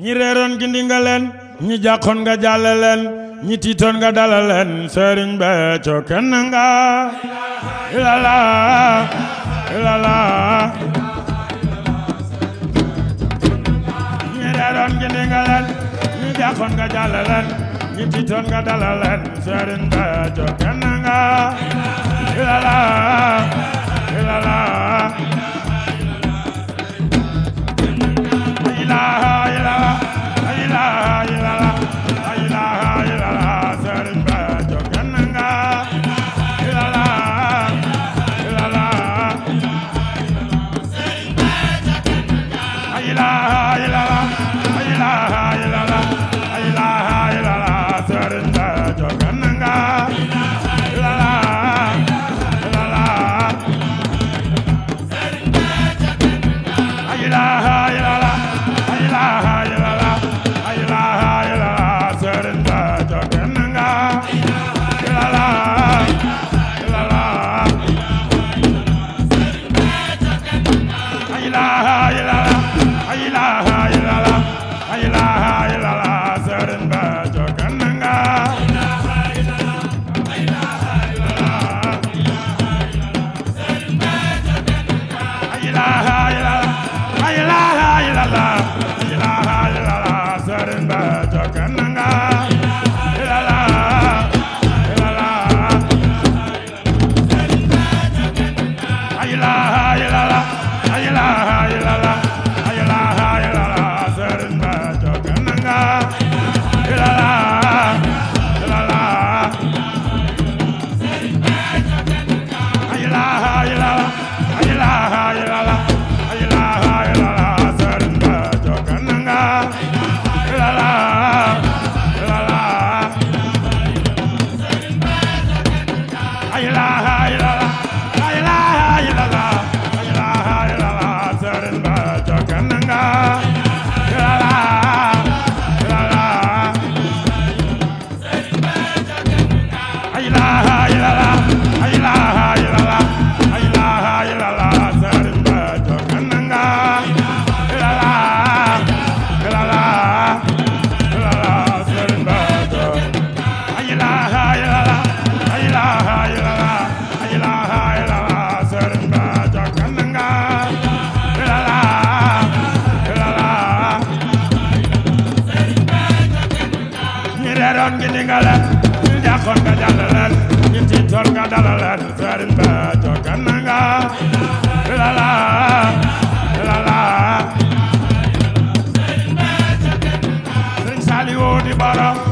ñi reeroon gindi nga leen ñi jàqoon nga jàlle ñi tiitoon nga dala leen sëriñ Béthio kenn nga la la la Gidingala. torga jalalan yiti torga dalalan farin ba torga nanga lala lala Saliwo di bara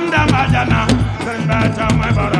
Amda Majana, Sembata, my brother.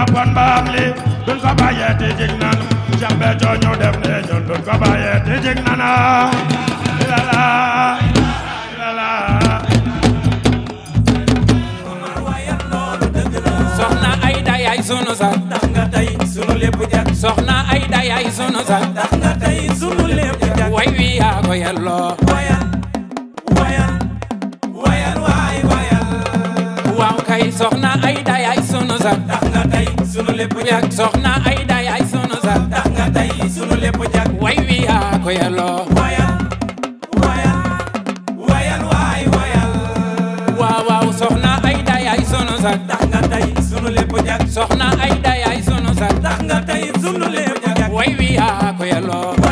jàppoon ba am li duñ ko bàyyee te jig nan Cheikh Béthio ñu def ne ñun duñ ko bàyyee te jig nana ilala ilala soxna Aida yaay sunu sax tax nga tey sunu lépp jag soxna Aida yaay sunu sax tax nga tey sunu lépp jag way wi yaa ko yelloo wayal wayal wayal waay wayal waaw kay soxna Aida yaay sunu sax lépp jag soxna ay day ay sunu sag ndax nga tay sunu lépp jag way wi yaa ko yelloo wayal wayal wayal waay wayal waaw waaw soxna ay day ay sunu sag ndax nga tay sunu lépp jag soxna ay day ay sunu sag ndax nga tay sunu lépp jag way wi yaa ko yelloo